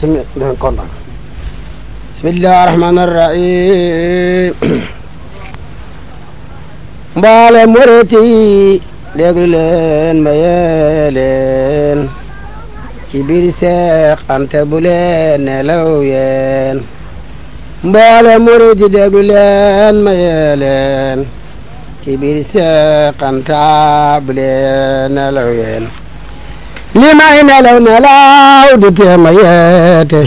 semi dafa kontaan bismillahi rahmaani rahiim leen mbayee leen ci biir Seex Anta bu leen nelaw yeen mbaale murit leen mbayee leen ci biir Seex bu leen nelaw li may nelaw nelaw du teema yeete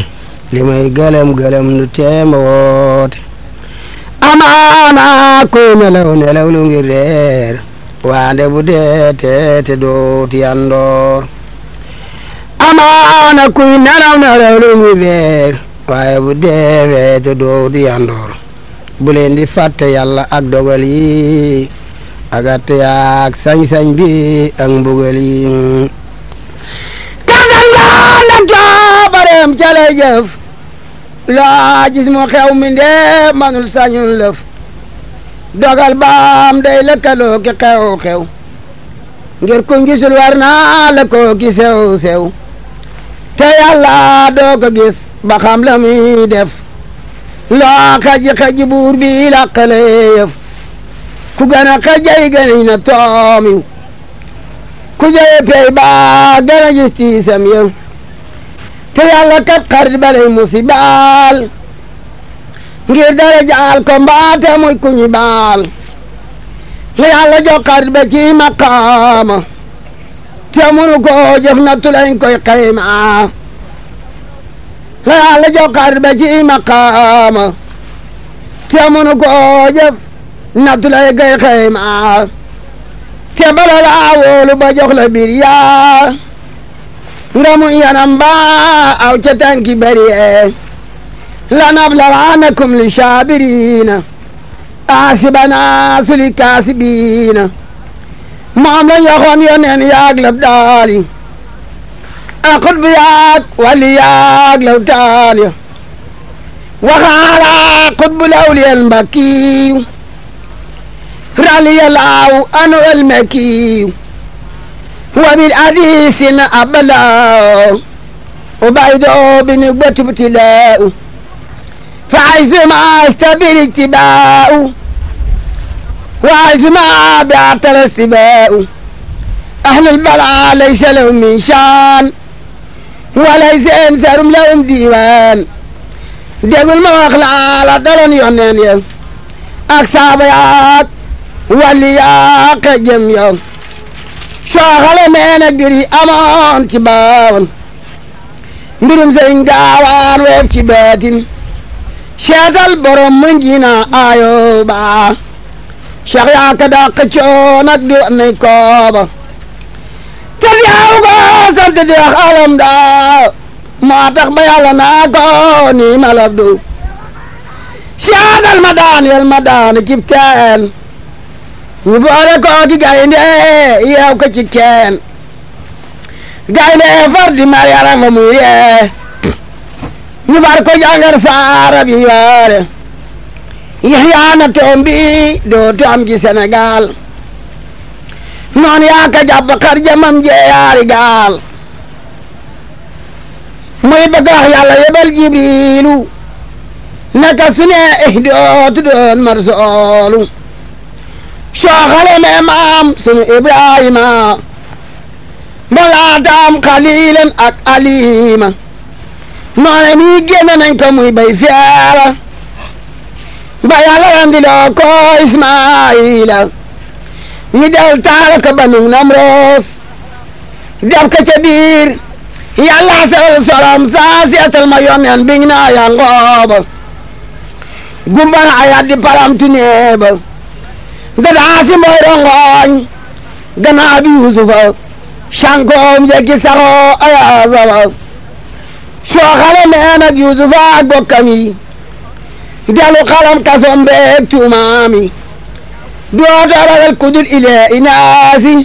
li gëlëm gëlëm du teema woote amaana kuy nelaw nelaw lu ngir reer bu dee teete yandoor amaana kuy nelaw nelaw lu ngir waaye bu deewee te yandoor bu leen di fàtte yàlla ak dogal yi ak yaak sañ-sañ bi ak mbugal yi nan coobareem ca lay jëf laa gis mu xew mi ndee manul sañul lëf dogal baam day lëkkaloo ki xew-xew ngir kuñ gisul war naa la sew-sew te yàlla doo gis ba xam la muy def loo xaji xaji buur bi làqale yëf ku gën a xajay gënañ na toomiw ku joye pey baa gën a gis tiisam te yàlla kat xarit ba lay musibaal ngir dara jaal ko mbaate muy ku ñu baal li yàlla jox xarit ba ci maqaama te mënu ko jëf nattu lañ koy xayma la yàlla jox xarit ba ci maqaama te mënu ko jëf nattu lañ koy xayma te bala laa wóolu ba jox la bir yaa nga mu yaram baaw ca tànki bari ee lanablawaanakum li saabiriina aasibana suli kaasibiina moom la yaxoon yoneen yaag lab daali a xutbu yaag wali yaag law taali waxaala xutbu lawliyel mbakkiiw raliyelaaw anu el mekkiiw وبالحديث أبلا وبعده بنقبة ابتلاء فعيث ما استبر اتباع وعيث ما بعتل استباء أهل البلع ليس لهم من شان وليس إنسان لهم ديوان ديقول ما أخلع على دلن يونين أكسابيات ولياق جميع sooxale mee na gir yi amoon ci baawoon mbirum sëriñ gaawaan weef ci baatin seetal borom mu njiina aayo baa cheikh yaa ka dàq coon ak di wan kooba te yaaw ko sant di wax alam daa moo tax ba yàlla naa ko nii malab du seetal ma daan yel ma daan cib teen ñu boole koo ki gaynde yeew ko ci teen gaynde far di mar yaram fa mu ñu far ko jàngar faara bi yoore yaxyaana toom bi doo toom ci Sénégal noon yaa ka jàpp xar jamam jeeyaari gaal muy bëgg wax yàlla yebal jibriilu naka su ne ihdootu eh, doon mar soolu sooxale me maam sunu Ibrahima mbolaataam xaliilan ak aliima noone mi génne nañ ko muy bay fiara ba yàlla randiloo ko Ismaayila ñu del taal ko banu Namroos def ko ca biir yàlla sewal solom saa seetal ma yoneen biñ naa ya ngooba gumba na ayat di param tineeba gadaasi mooy rongooñ ganaa bi yusufa shankoom yeggi saxoo ayaasama sooxale nee nag yusufa ak bokkam yi delu xalam kasom beeg tuumaami dootoo ragal kudul ilee inaasi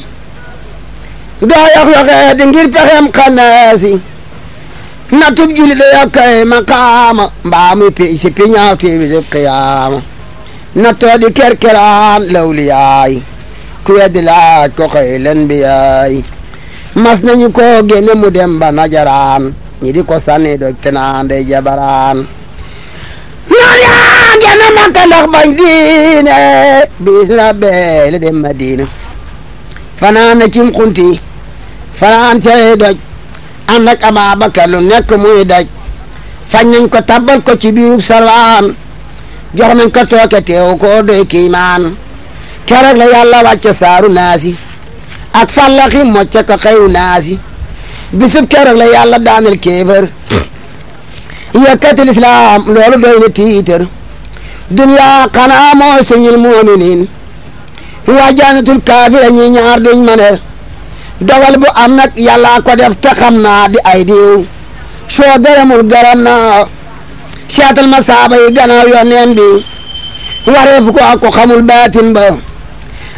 doo yox-yoxee di ngir pexem xanaasi na tub juli da yokkay maqaama mbaamu pi si piñaaw tiibi si qiyaama nattoo di kerkeraan lawliyaay ku weddi laaj ko xëy bi yaay mas nañu ko génne mu dem ba najaraan ñi di ko sànni doj te naan day jabaraan noon yaa génne makka bañ diine biis na beele dem madina fanaan na cim xunti fanaan cay doj ànd ak Ababakar lu nekk muy daj fañ nañ ko tabbal ko ci biirub sarwaan jox nañ ko tooke teew koo doy kiimaan keroog la yàlla wàcce saaru naasi ak fàllaxi mocce ko xëyu naasi bisub keroog la yàlla daanel kéefër yëkkati lislaam loolu doy tiitër duniyaa xanaa mooy suñul muuminiin waa kaafira ñi ñaar duñ mane dogal bu am nag yàllaa def te naa di ay diw soo gërëmul gërëm naa seetal ma saaba yi gannaaw yoneen bi waree fu ko ak xamul baatin ba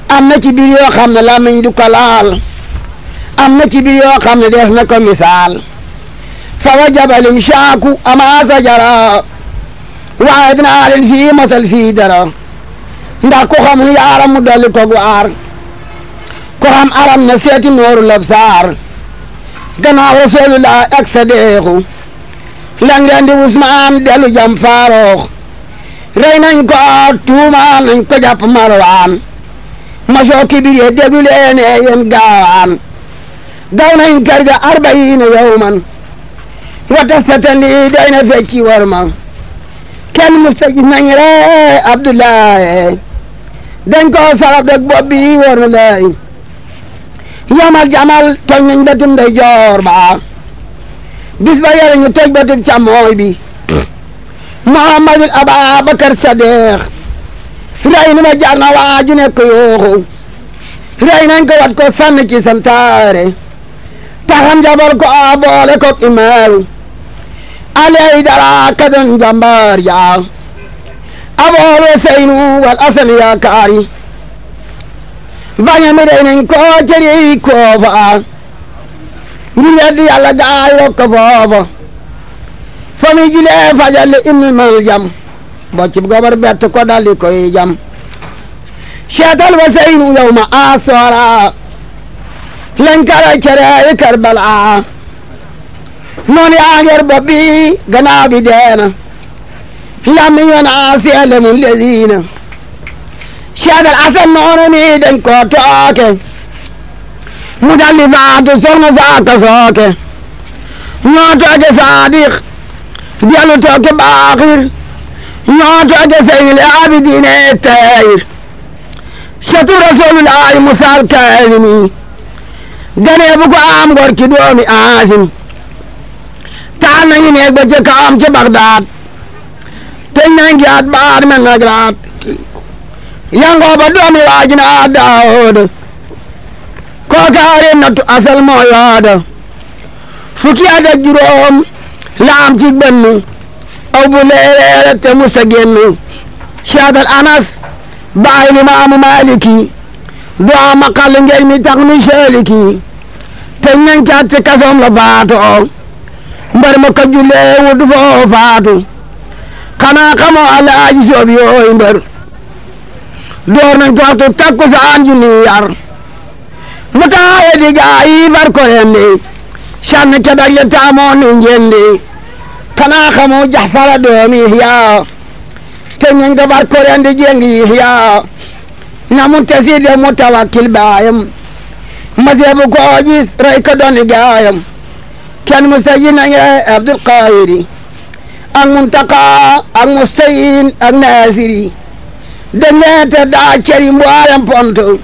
am na ci biir yoo xam ne làmmiñ du ko am na ci biir yoo xam ne dees na ko misaal fa wa jabalin shaaku ama sajara waaye dinaa leen fii mosal fii dara ndax ku xamul yaaram mu dolli ko gu aar ku xam aram na seeti nooru labsaar gannaaw rasulullah ak sadeexu lañ rendi dellu jam Faaruux rey nañ ko tuuma nañ ko jàpp Marwaan masoo kibiree déglu leene yéen gaawaan daw nañ kër ga arbayiina yawman wataf patan lii na fecci war ma kenn musta nañ ree Abdullaahi dañ koo sarab rek bopp bi war na laay yamal jamal tooñ nañ bëtum day joor ba bis ba yore ñu toj bëtëb Muhammadul Ababakar Sadeex rey ma jaar na waa ju nekk wat ko sànni ci santaare taxam jabar ko boole ko imaaru aley dara kadan jàmbaar ja seynu wal asan yaakaari baña mi rey nañ ko koofa ñi weddi yàlla gaay rokk foofa fa mi julee fajal ibnul maljam boccub gobar bett ko daldi koy jam seetal wa seynu yow ma asoora lañ kara cereey karbala noon yaa ngeer bopp bi gannaaw bi deena lammi yoona seele mun leziina seetal asan noonu ni dañ ko tooke mudallibaatu soxna saaka sooke ñoo tooge saadiq dialu tooke baaxir ñoo tooge sayil abidine tayir satu rasulullahi musal kaasimi ganee bu am gor ci doomi aasim taal nañu neeg ba ca kaam ca Bagdaad teñ nañ jaat baar men nagraat yangoo ba doomi waajina daawooda kookaare nattu asal moo yaada fukki at ak juróom la am ci aw bu leereere te musta génn Cheikh Anas baay Limaamu Maaliki du am xal ngeen mi tax nu seeliki te ñañ ca ci kasoom la faatoo mbar ma ko jullee wu du foo faatu xanaa xamoo alaaji soob yooyu mbar door nañ waxtu takku saan junni yar mu taaye di gaayi far ko rendi ke dag ya taamoo nu ngendi kanaa xamoo jaxfara doomi Yahya te ñu nga far ko rendi jengi Yahya na de mu tawakkil baayam maseebu koo gis rey ko doni gaayam kenn mu sayin a nge ak Muntaqa ak ak Naasiri de ngeete daa ceri mboolem pontu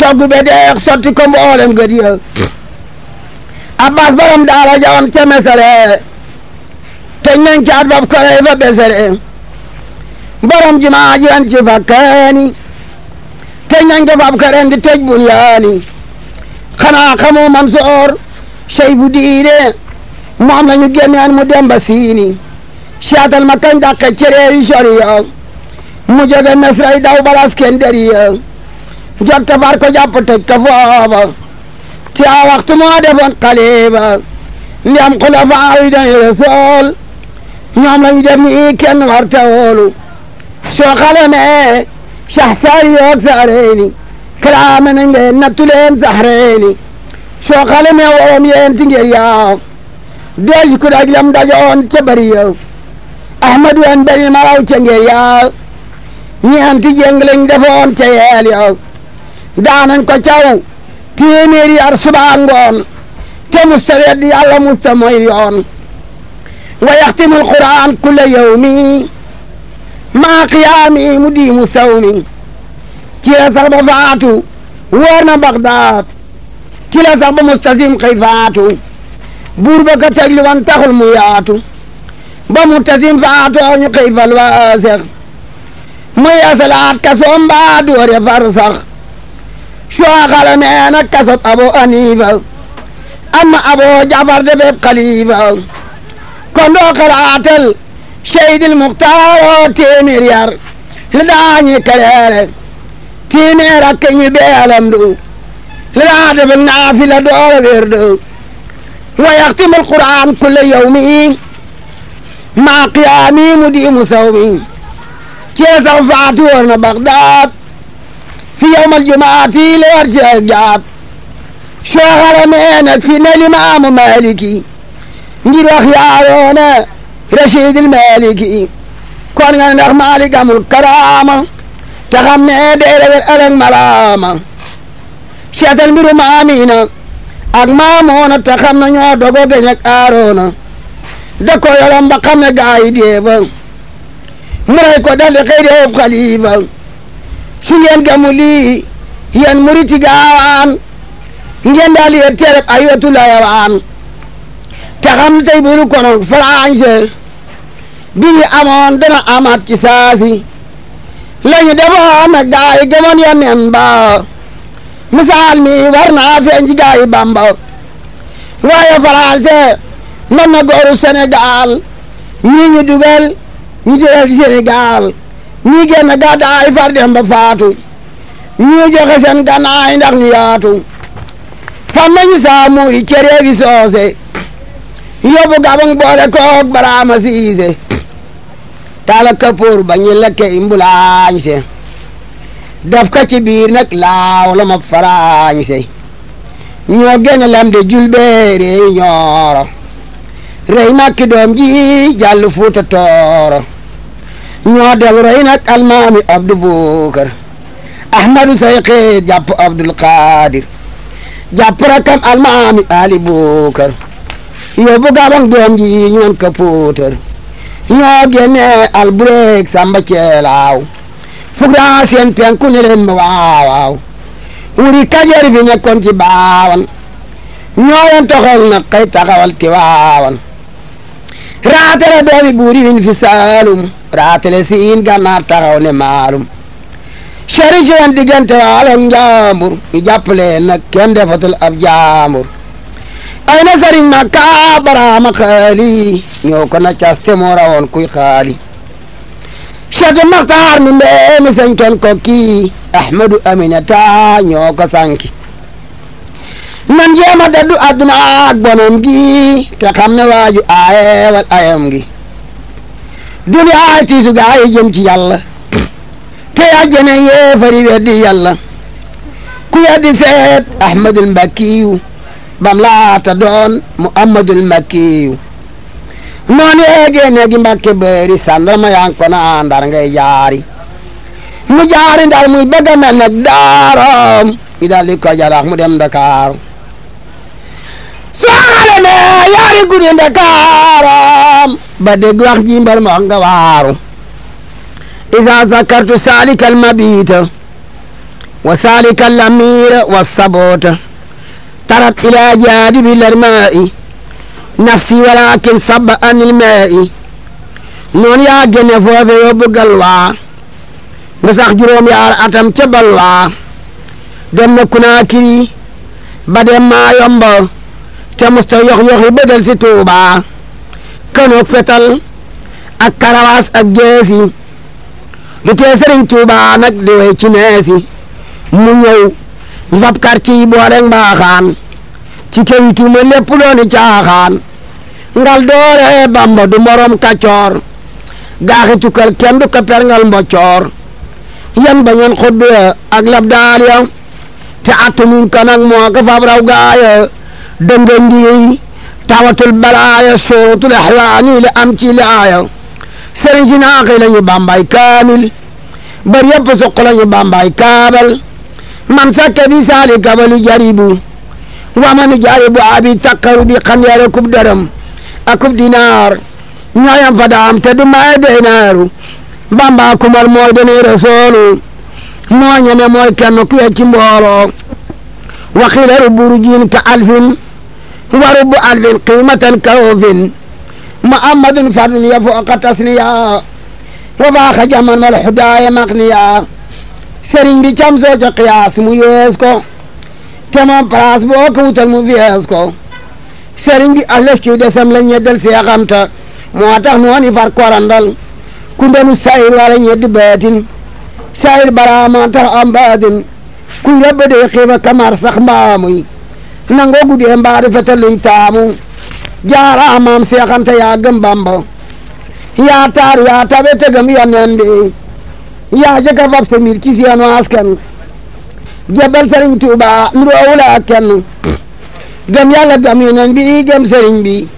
togg be deex sotti ko mboolem gët ya abbas borom daara jawoon ca mesere te nañ ca at fa besere borom jumaa wan ci fakkaani te nañ ko fab karen di tëj bunyaani xanaa xamoo Mansoor sey bu diine moom la ñu mu dem ba siini siyaatal ma kañ dàqe cereeri soriya mu jóge mesray daw balas kenn deriya jot tabar ko jàpp tëj ko foofa ci a waxtu moo defoon xalifa ndiyam xulafaa yi dañu rasool ñoom la ñu def ni kenn war ta woolu soo xalamee sax saari yoog saxreeni kalaame nañ saxreeni soo xalamee worom yeen ti ngeen yaaw deesu ku daj lam dajoon ca bari yow ahmadu en dañu maraw ca ngeen yaaw ñeenti jéng lañ defoon ca yeel yow daanañ ko caw téeméeri yar suba te mu sawet yàlla mu ta mooy yoon wa yaxtimul quraan kulla yawmi maa qiyaami mu diimu sawmi ci la sax ba faatu wóor na ci la sax ba mustasim xëy faatu buur ba ka teg taxul mu yaatu ba mustasim faatu ñu xëy fal waasex mu yeesalaat ka soom baa doore far sax cuwaaxala nee na kasot abo aniifa amma abo jafar de bépp kon doo xalaatal seydil muxtaaro téeméer yar li daañi kaleere téeméer ak ñi beelam du li daa def naafila doole wér du wa yaxtimul quraan kulla yawmi maa qiyaami mu di mu sawmi cee sax na Bagdaad في يوم الجمعة لورش الجاب شوخر مينك في الإمام مالكي ngir wax yaaroo ne Rachid el Maliki kon nga ndax Malik amul karaama te xam ne day ragal ëllëg malaama seetal mbiru maamina ak maamoona te xam ne ñoo dogo geñ ak aaroona da ko yoroon ba xam ne gaa yi dee ba mu rey ko daldi xëy deewub xalifa su ngeen gamu lii yéen gaawaan ngeen daal yee tereb ay wetu layawaan te xam ne tey buru konoon français bi amoon dana amaat ci saasi la ñu defoon nag gaa ya nen ba misaal mi war naa feeñ ci gaa waaye français man gooru Sénégal ñii ñu dugal ñu dugal Sénégal ñii génn gàddaay far dem faatu ñii joxe seen gànnaay ndax ñu yaatu fan nañu saamuuri cere bi soose yóbbu gabang boole koog baraama siise kapoor ba ñu lekke imbulaañ se ka ci biir nag laaw la ma faraañ ñoo génn lam de julbeere ñooro rey makki doom ji jàll fuuta tooro ñoo del roy nag almaami abdou bokar ahmadou sayqi jàpp abdoul qadir jàpp rakam almaami ali bokar yóbbu gabang doom ji ñoon ka póotar ñoo génne albureeg samba ceelaaw fukra seen penku ne ma waawaaw wuri kajeer fi nekkoon ci baawan ñoo leen toxal taxawal ti waawan raatale doomi buuri fi saalum raatale siin gànnaar taxaw ne maalum seri si wan diggante waaloog njaambur ñu jàppale nag kenn defatul ab jaambur ay na sëriñ ma kaa baraama xaali na caste moo rawoon kuy xaali cheikh maxtaar mi mbee mi sañtoon ko kii ahmadu aminata ñoo nan jéema daddu adduna ak gi te xam ne waaju aayewal ayam gi dul yaay tiisu gaa yi ci yàlla te àjjana yéefari weddi yàlla ku weddi feet ahmadul mbakkiyu bam laata doon muhammadul mbakkiyu noonu yeegee neegi mbakke bëri sandarma yaa ngi ko naan ndar jaari mu jaari ndar muy bëgg a mel nag daaroom ñu daal di mu dem Dakar sooxale ne yaari guddi ndakaaram ba dégg wax ji mbar ma nga waaru isa zakartu salika almabita wa salika alamira wa sabota tarat ila jadibi larmai nafsi walakin saba anil mai noon yaa gene foofe yóbbu galwaa nga sax juróom yaar atam ca balwaa dem na kunaakiri ba dem maa yomba te musta yox yoxi bëtal Tuuba kanoog fetal ak karawaas ak jeesi lu tee sëriñ Tuuba nag di ci neesi mu ñëw ñu fab quartier yi boole mbaaxaan ci kewi tuuma lépp dooni caaxaan ngal doore Bamba du morom kaccoor gaaxi tukkal kenn du ko perngal yan ba ñeen ak lab daal ya te attu nuñ moo ko raw gaaya dëngandii tawatul balaaya sootul axwaani la am ci laaya sëriñ si naaqi la kaamil bër yëpp suq la kaabal man sakke bi saali kabali jaribu wa man jaribu abi takkaru bi xam yara kub dërëm akub dinaar ñooyam fa daam du maye deynaaru bamba kumal mooy danay rasoolu moo mooy kenn ku ci mbooloo waxilaru burujiin ka alfin هو رب أرض قيمة كوف محمد فرد يفوق تسنيا وباخ جمن والحداية مقنيا sëriñ bi cam soo ca xiyaas mu yees ko te moom place boo ko wutal mu yees ko sëriñ bi alëf ci desam la ñeddal seexam ta moo tax nooni far korandal kundelu sayir wala ñeddi baatin sayir baraama tax am baatin kuy rabba dee xiiba kamar sax mbaamuy nangoo guddee mbaa rafetal luñ taamu jaara maam seexante yaa gëm bamba yaa taaru yaa tabe te gëm yoneen bi yaa jëkk a fab sa mbir ci seenu askan jebal sëriñ Tuuba nuroowula ak gëm yàlla gëm yoneen bi gëm sëriñ bi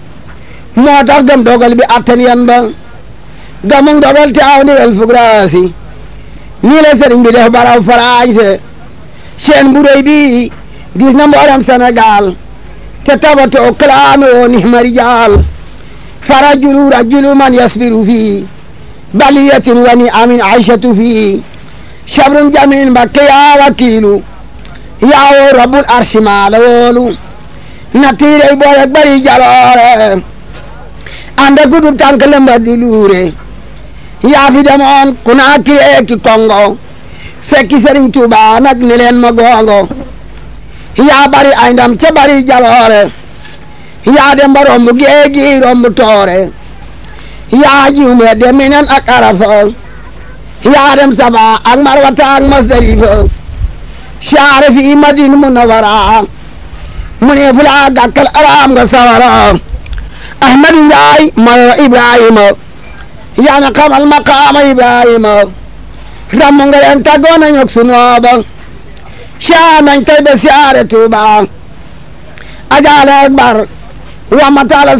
moo tax gëm dogal bi atten yan ba gëmu dogal te aw niwel fugraasi nii la sëriñ bi def baraw faraaj seen bu bi gis na mboolem Sénégal te tabatoo kalaame woo nihma rijaal fa rajulu rajulu man yasbiru fii baliyatin wa ni amin aishatu fii sabrun jamil mbakke yaa wakiilu yaa woo rabbul arsi maa la woolu natiirey boole bari jaloore ànd ak gudub tànk lëmba di luure yaa fi demoon ku naa kireeki kongo fekki Sëriñ Tuubaa nag ma gongo yaa bari ay ndam ca bari jaloore yaa dem ba romb géej gi romb toore yaa jiw me dem Minan ak Arafa yaa dem Saba ak Marwata ak Masdalifa saare fi Madina Munawwara mu ne fu laa gàkkal araam nga sawara Ahmadu Njaay mayo Ibrahima yaa na xamal maqaama Ibrahima rammu nga leen tàggoon nañu ak sunu ba siyaa nañ tey de siyaare Tuuba ajaale akbar wa matala